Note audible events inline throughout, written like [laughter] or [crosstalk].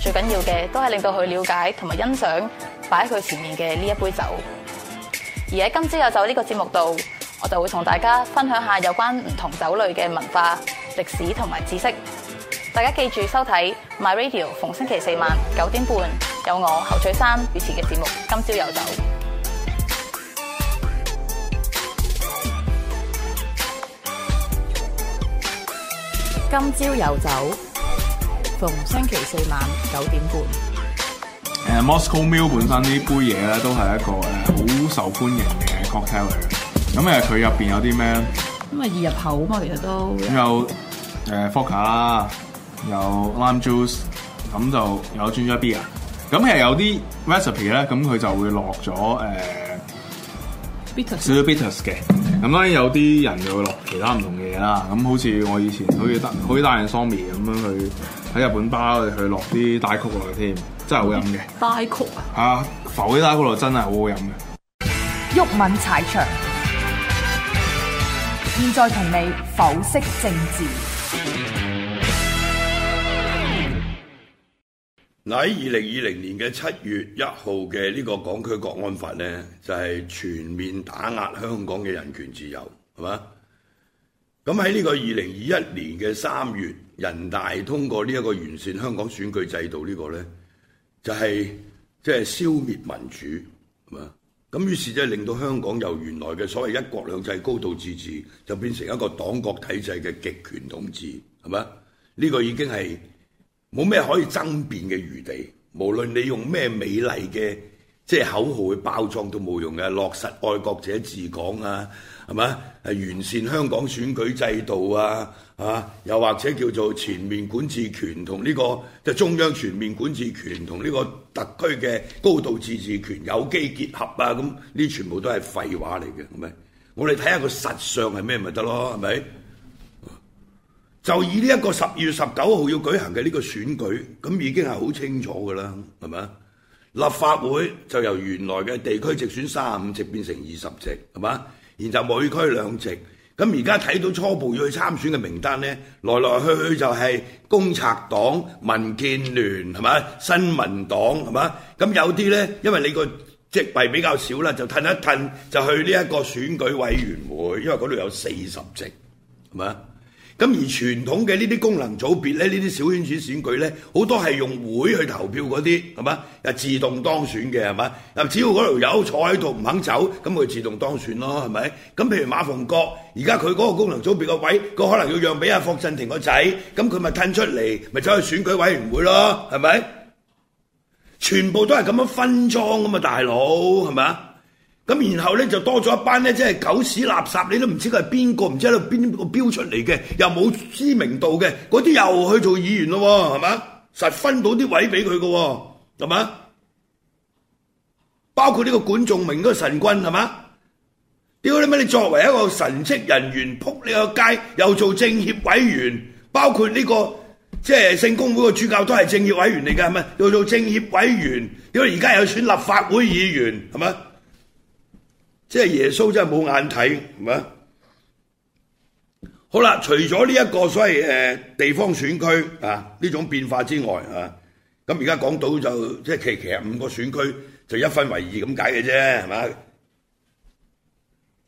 最緊要嘅都係令到佢了解同埋欣賞擺喺佢前面嘅呢一杯酒。而喺今朝有酒呢個節目度，我就會同大家分享下有關唔同酒類嘅文化、歷史同埋知識。大家記住收睇，My Radio 逢星期四晚九點半有我侯翠珊主持嘅節目《今朝有酒》。今朝有酒。逢星期四晚九點半。誒 Moscow Mule 本身呢杯嘢咧，都係一個誒好受歡迎嘅 cocktail 嚟嘅。咁誒佢入邊有啲咩？咁啊易入口啊嘛，其實都。有誒伏卡啦，有 lime juice，咁就有 ginger beer。咁誒有啲 recipe 咧，咁佢就會落咗誒 bitters，two bitters 嘅。咁當然有啲人就會落其他唔同嘅嘢啦，咁好似我以前好似帶好似帶人桑美咁樣去喺日本吧去落啲大曲落去添，真係好飲嘅。帶曲啊！嚇、啊，浮啲大曲落真係好好飲嘅。毓民踩場，現在同你剖析政治。嗯喺二零二零年嘅七月一號嘅呢個港區國安法呢，就係全面打壓香港嘅人權自由，係嘛？咁喺呢個二零二一年嘅三月，人大通過呢一個完善香港選舉制度呢個呢就係即係消滅民主，係嘛？咁於是即係令到香港由原來嘅所謂一國兩制高度自治，就變成一個黨國體制嘅極權統治，係嘛？呢個已經係。冇咩可以爭辯嘅餘地，無論你用咩美麗嘅即係口號去包裝都冇用嘅。落實愛國者治港啊，係嘛？完善香港選舉制度啊，啊又或者叫做全面管治權同呢個即係中央全面管治權同呢個特區嘅高度自治權有機結合啊，咁呢全部都係廢話嚟嘅，係咪？我哋睇下個實相係咩咪得咯，係咪？就以呢一個十二月十九號要舉行嘅呢個選舉，咁已經係好清楚㗎啦，係咪？立法會就由原來嘅地區直選三十五席變成二十席，係嘛？然後每區兩席。咁而家睇到初步要去參選嘅名單呢，來來去去就係公賊黨、民建聯，係咪？新民黨，係嘛？咁有啲呢，因為你個席位比較少啦，就褪一褪就去呢一個選舉委員會，因為嗰度有四十席，係嘛？咁而傳統嘅呢啲功能組別咧，呢啲小圈子選舉呢，好多係用會去投票嗰啲，係嘛？自動當選嘅，係嘛？只要嗰條友坐喺度唔肯走，咁佢自動當選咯，係咪？咁譬如馬逢國，而家佢嗰個功能組別個位，佢可能要讓俾阿霍振廷個仔，咁佢咪騰出嚟，咪走去選舉委員會咯，係咪？全部都係咁樣分贓㗎嘛，大佬，係咪？咁然後呢，就多咗一班呢，即係狗屎垃圾，你都唔知佢係邊個，唔知喺度邊個標出嚟嘅，又冇知名度嘅，嗰啲又去做議員咯，係咪？實分到啲位俾佢喎，係咪？包括呢個管仲明嗰個神棍，係咪？屌你媽，你作為一個神職人員，撲你個街又做政協委員，包括呢、這個即係聖公會個主教都係政協委員嚟嘅，係咪？又做政協委員，屌！而家又選立法會議員，係咪？即係耶穌真係冇眼睇，係嘛？好啦，除咗呢一個所謂誒、呃、地方選區啊呢種變化之外啊，咁而家講到就即係其其實五個選區就一分為二咁解嘅啫，係嘛？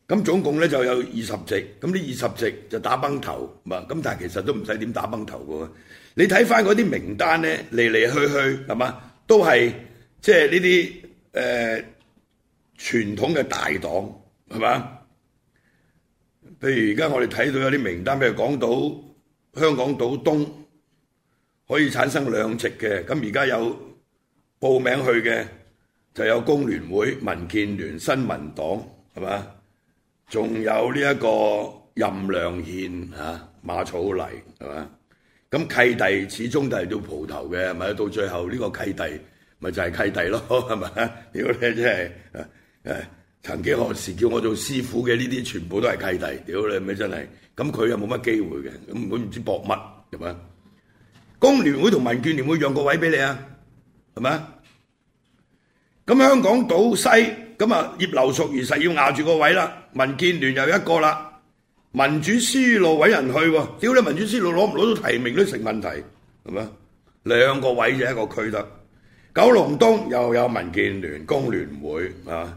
咁總共咧就有二十席，咁呢二十席就打崩頭，咁啊咁但係其實都唔使點打崩頭嘅。你睇翻嗰啲名單咧，嚟嚟去去係嘛，都係即係呢啲誒。就是傳統嘅大黨係嘛？譬如而家我哋睇到有啲名單，譬如港島、香港島東可以產生兩席嘅，咁而家有報名去嘅就有工聯會、民建聯新聞、新民黨係嘛？仲有呢一個任良憲嚇、啊、馬草泥係嘛？咁契弟始終都係到蒲頭嘅，咪到最後呢個契弟咪就係、是、契弟咯，係嘛？如果你真係～誒，曾幾何時叫我做師傅嘅呢啲，全部都係契弟，屌你咪真係？咁佢又冇乜機會嘅，咁佢唔知搏乜，係嘛？工聯會同民建聯會讓個位俾你啊，係咪？咁香港島西咁啊，葉劉淑儀實要壓住個位啦，民建聯又一個啦，民主思路搵人去喎，屌你民主思路攞唔攞到提名都成問題，係嘛？兩個位就一個區得，九龍東又有民建聯、工聯會啊。是吧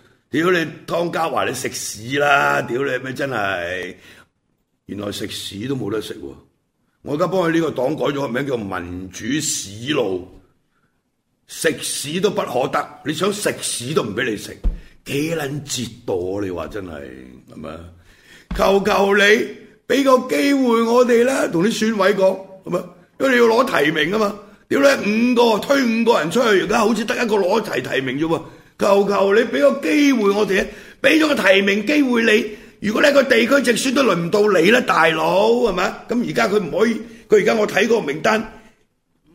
屌你湯家驊你食屎啦！屌你咩真係，原來食屎都冇得食喎！我而家幫佢呢個黨改咗個名叫民主屎路，食屎都不可得！你想食屎都唔俾你食，幾撚折墮！你話真係係咪？求求你俾個機會我哋啦，同啲選委講係咪？因為你要攞提名啊嘛！屌你五個推五個人出去，而家好似得一個攞齊提名啫喎！求求你俾個機會我哋，俾咗個提名機會你。如果你喺個地區直選都輪唔到你咧，大佬係咪？咁而家佢唔可以，佢而家我睇嗰個名單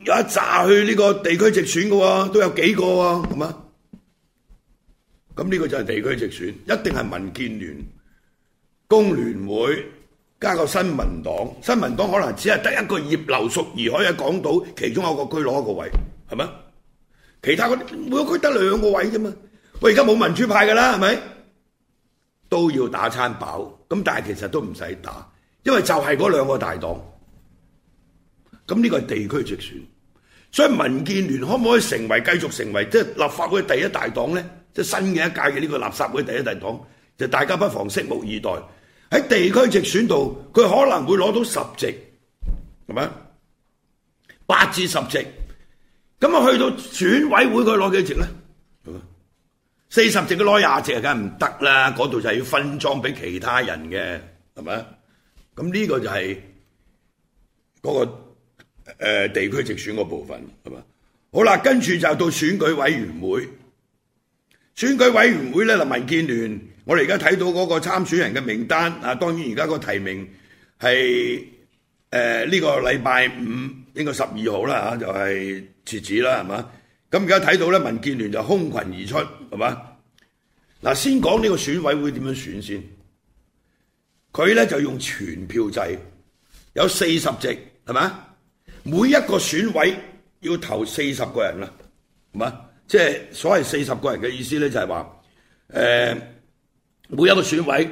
有一紮去呢個地區直選嘅喎，都有幾個啊，係嘛？咁呢個就係地區直選，一定係民建聯、工聯會加個新民黨。新民黨可能只係得一個葉劉淑儀可以喺港島其中一個區攞一個位，係咪？其他嗰啲每區得兩個位啫嘛，我而家冇民主派噶啦，係咪都要打餐飽？咁但係其實都唔使打，因為就係嗰兩個大黨。咁呢個係地區直選，所以民建聯可唔可以成為繼續成為即係立法會第一大黨咧？即係新嘅一屆嘅呢個垃圾會第一大黨，就大家不妨拭目以待。喺地區直選度，佢可能會攞到十席，係咪？八至十席。咁啊，去到選委會佢攞幾席咧？四十席佢攞廿席，梗係唔得啦！嗰度就係要分贓俾其他人嘅，係咪？咁呢個就係嗰、那個誒、呃、地區直選個部分，係嘛？好啦，跟住就到選舉委員會，選舉委員會咧就民建聯。我哋而家睇到嗰個參選人嘅名單啊，當然而家個提名係誒呢個禮拜五應該十二號啦吓，就係、是。截止啦，係嘛？咁而家睇到咧，民建聯就空群而出，係嘛？嗱，先講呢個選委會點樣選先？佢咧就用全票制，有四十席，係嘛？每一個選委要投四十個人啦，係嘛？即係所謂四十個人嘅意思咧，就係話，誒每一個選委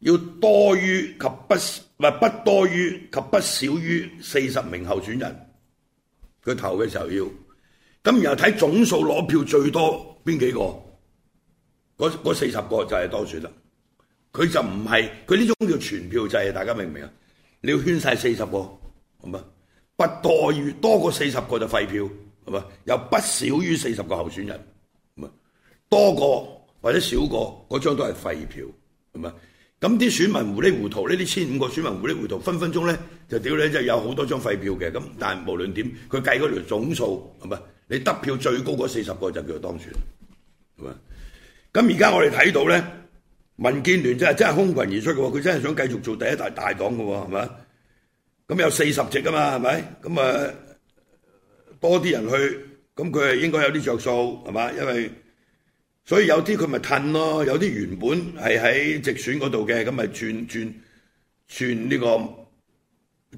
要多於及不唔係不多於及不少於四十名候選人。佢投嘅時候要，咁然後睇總數攞票最多邊幾個，嗰四十個就係多選啦。佢就唔係佢呢種叫全票制，大家明唔明啊？你要圈晒四十個，係咪？不多於多過四十個就廢票，係咪？又不少於四十個候選人，咁啊，多個或者少個嗰張都係廢票，係咪？咁啲選民糊裏糊塗，呢啲千五個選民糊裏糊塗，分分鐘咧就屌你就有好多張廢票嘅。咁但係無論點，佢計嗰條總數，唔係你得票最高嗰四十個就叫做當選，係嘛？咁而家我哋睇到咧，民建聯真係真係空群而出嘅喎，佢真係想繼續做第一大大黨嘅喎，係嘛？咁有四十隻㗎嘛，係咪？咁啊多啲人去，咁佢係應該有啲着數，係嘛？因為所以有啲佢咪褪咯，有啲原本係喺直選嗰度嘅，咁咪轉轉轉呢、這個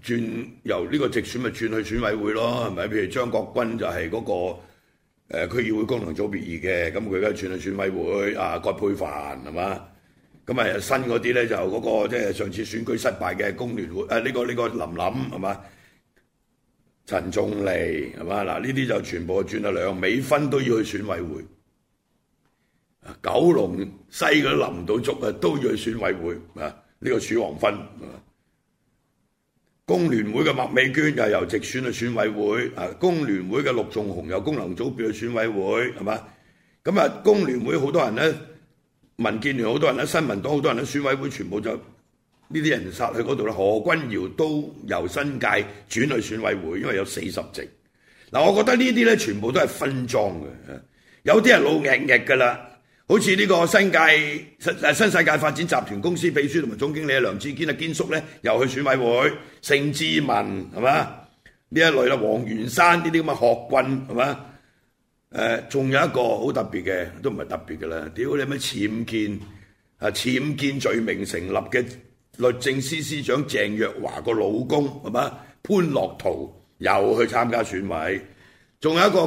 轉由呢個直選咪轉去選委會咯，係咪？譬如張國軍就係嗰、那個誒、呃、區議會功能組別議嘅，咁佢而家轉去選委會啊，郭佩凡係嘛？咁啊新嗰啲咧就嗰、那個即係、就是、上次選舉失敗嘅工聯會誒呢、啊這個呢、這個林林係嘛？陳仲利係嘛？嗱呢啲就全部轉到兩美分都要去選委會。九龍西嗰啲攬唔到足啊，都要去選委會啊！呢、呢個署王芬，工聯會嘅麥美娟又由直選去選委會啊！工聯會嘅陸仲雄又由功能組別去選委會，係嘛？咁啊，工聯會好多人咧，民建聯好多人咧，新民黨好多人咧，選委會全部就呢啲人殺去嗰度啦。何君堯都由新界轉去選委會，因為有四十席。嗱，我覺得呢啲咧全部都係分贓嘅，有啲人老曳曳噶啦。好似呢個新界新新世界發展集團公司秘書同埋總經理啊，梁志堅啊，堅叔咧又去選委會，盛志文係嘛？呢一類啦，黃元山呢啲咁嘅學棍係嘛？仲、呃、有一個好特別嘅，都唔係特別嘅啦。屌你咩僭建啊，僭建罪名成立嘅律政司司長鄭若驊個老公係嘛？潘樂圖又去參加選委，仲有一個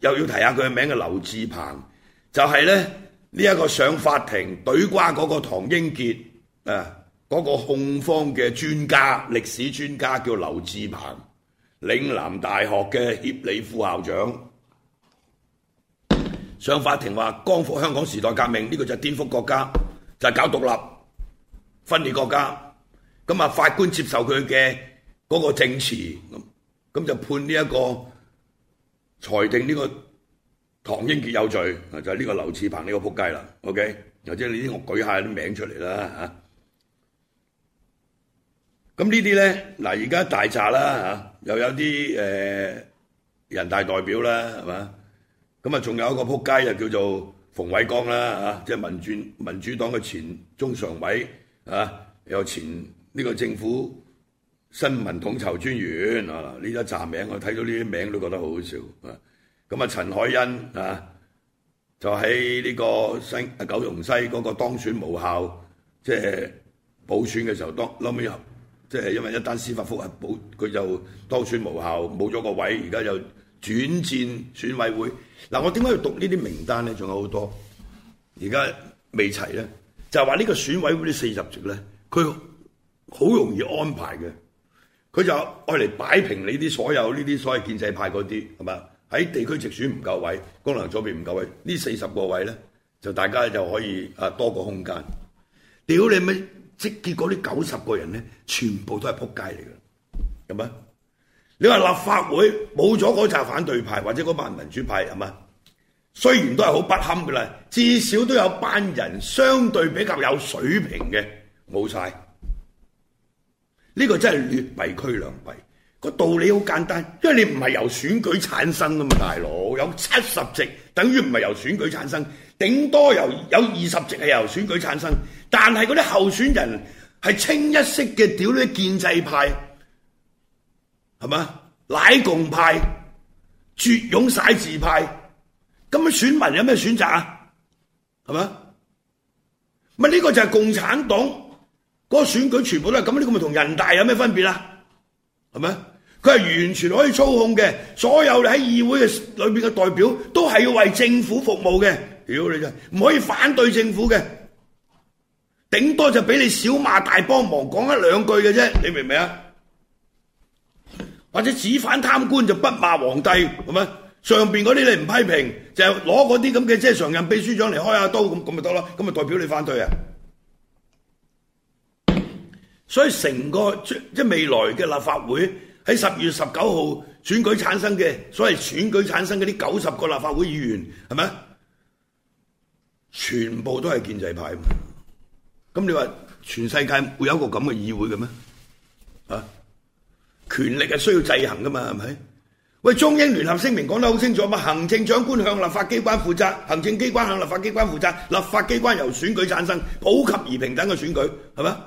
又要提下佢嘅名嘅劉智鵬，就係、是、咧。呢一個上法庭懟瓜嗰個唐英傑，啊、那、嗰個控方嘅專家、歷史專家叫劉智鵬，嶺南大學嘅協理副校長，上法庭話光復香港時代革命呢、這個就係顛覆國家，就係、是、搞獨立分裂國家。咁啊法官接受佢嘅嗰個證詞，咁就判呢、這、一個裁定呢、這個。唐英傑有罪，就係、是、呢個劉志鵬呢個撲街啦。OK，又即係呢啲我舉下啲名出嚟啦嚇。咁呢啲咧，嗱而家大查啦嚇，又有啲誒人大代表啦係嘛，咁啊仲有一個撲街又叫做馮偉光啦嚇，即係民主民主黨嘅前中常委嚇，又前呢個政府新聞統籌專員啊，呢一紮名我睇到呢啲名都覺得好好笑啊！咁啊，陳凱欣啊，就喺呢個西九龍西嗰個當選無效，即係補選嘅時候當，後尾即係因為一單司法覆核補，佢就當選無效，冇咗個位，而家又轉戰選委會。嗱，我點解要讀呢啲名單咧？仲有好多，而家未齊咧，就話、係、呢個選委會呢四十席咧，佢好容易安排嘅，佢就愛嚟擺平你啲所有呢啲所謂建制派嗰啲係咪？喺地區直選唔夠位，功能組別唔夠位，呢四十個位咧，就大家就可以啊多個空間。屌你咪即接果即結果啲九十個人咧，全部都係撲街嚟嘅，係咪？你話立法會冇咗嗰扎反對派或者嗰班民主派係咪？雖然都係好不堪嘅啦，至少都有班人相對比較有水平嘅冇晒。呢個真係劣幣驅良幣。道理好簡單，因為你唔係由選舉產生啊嘛，大佬有七十席，等於唔係由選舉產生，頂多由有有二十席係由選舉產生，但係嗰啲候選人係清一色嘅屌，啲建制派係嘛，乃共派，絕勇晒字派，咁樣選民有咩選擇啊？係嘛？咪呢個就係共產黨嗰個選舉，全部都係咁，呢個咪同人大有咩分別啊？係咪？佢係完全可以操控嘅，所有你喺議會嘅裏邊嘅代表都係要為政府服務嘅，屌你真！唔可以反對政府嘅，頂多就俾你小罵大幫忙，講一兩句嘅啫，你明唔明啊？或者只反貪官就不罵皇帝，係咪？上邊嗰啲你唔批評，就攞嗰啲咁嘅即係常任秘書長嚟開下刀咁，咁咪得咯？咁咪代表你反對啊？所以成個即係未來嘅立法會。喺十月十九號選舉產生嘅，所謂選舉產生嗰啲九十個立法會議員係咪？全部都係建制派，噉你話全世界會有一個噉嘅議會嘅咩？啊，權力係需要制衡㗎嘛？係咪？喂，中英聯合聲明講得好清楚嘛。行政長官向立法機關負責，行政機關向立法機關負責，立法機關由選舉產生，普及而平等嘅選舉係咪？是嗎？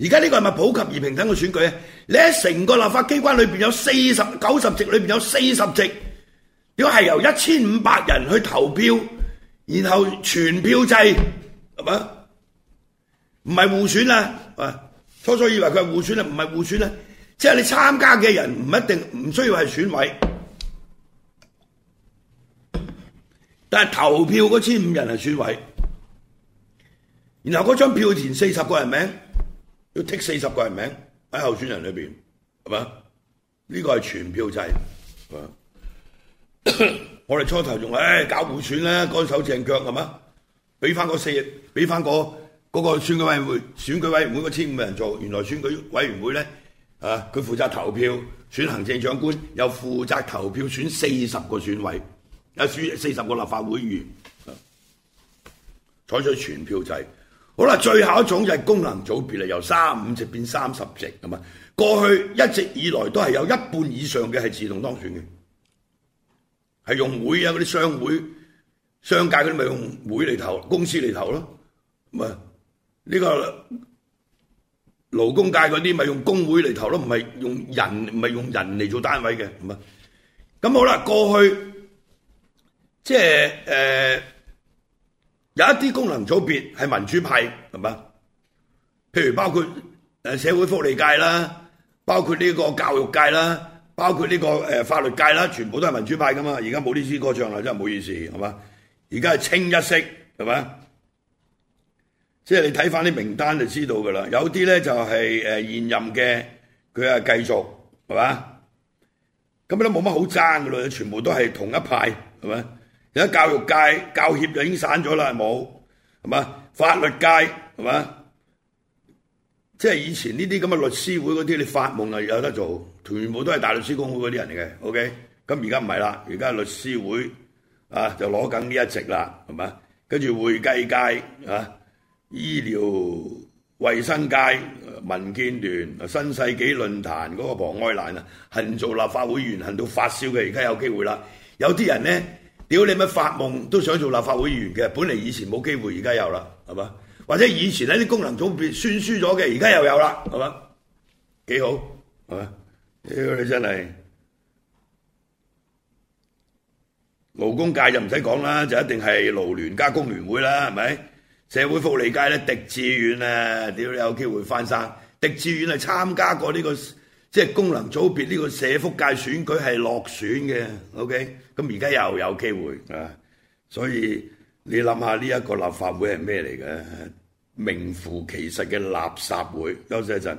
而家呢個係咪普及而平等嘅選舉呢？你喺成個立法機關裏面有四十九十席，裏面有四十席，如果係由一千五百人去投票，然後全票制係嘛？唔係互選啊！初初以為佢係互選啊，唔係互選啊，即係你參加嘅人唔一定唔需要係選委，但係投票嗰千五人係選委，然後嗰張票填四十個人名。要剔四十個人名喺候選人裏面，係嘛？呢、這個係全票制。 [coughs] 我哋初頭仲誒、哎、搞互選咧，乾手淨腳係嘛？俾翻嗰四，俾翻、嗰個、嗰個選舉委員會、選舉委員會嗰千五人做。原來選舉委員會咧，啊，佢負責投票選行政長官，又負責投票選四十個選委，有選四十個立法會議員，採取全票制。好啦，最後一種就係功能組別由三五席變三十席。咁啊過去一直以來都係有一半以上嘅係自動當選嘅，係用會啊嗰啲商會、商界嗰啲咪用會嚟投，公司嚟投咯，咁啊呢個勞工界嗰啲咪用工會嚟投咯，唔係用人唔係用人嚟做單位嘅。咁啊咁好啦。過去即係誒。就是呃有一啲功能組別係民主派，係嘛？譬如包括誒社會福利界啦，包括呢個教育界啦，包括呢個誒法律界啦，全部都係民主派噶嘛。而家冇呢支歌唱啦，真係冇意思，係嘛？而家係清一色，係嘛？即係你睇翻啲名單就知道㗎啦。有啲咧就係誒現任嘅，佢係繼續，係嘛？咁都冇乜好爭㗎啦，全部都係同一派，係咪？而家教育界教協就已經散咗啦，係冇係嘛？法律界係嘛？即係以前呢啲咁嘅律師會嗰啲，你發夢啊有得做，全部都係大律師公會嗰啲人嚟嘅。OK，咁而家唔係啦，而家律師會啊就攞緊呢一席啦，係嘛？跟住會計界啊，醫療衛生界、民建聯、新世紀論壇嗰個龐愛蘭啊，恨做立法會員恨到發燒嘅，而家有機會啦。有啲人咧。屌你咪發夢都想做立法會議員嘅，本嚟以前冇機會，而家有啦，係嘛？或者以前喺啲功能組別宣輸咗嘅，而家又有啦，係嘛？幾好，係嘛？屌你真係勞工界就唔使講啦，就一定係勞聯加工聯會啦，係咪？社會福利界咧，狄志遠啊，屌你有機會翻生。狄志遠係參加過呢個。即係功能組別呢個社福界選舉係落選嘅，OK？咁而家又有機會啊！所以你諗下呢一個立法會係咩嚟嘅？名副其實嘅垃圾會。休息一陣。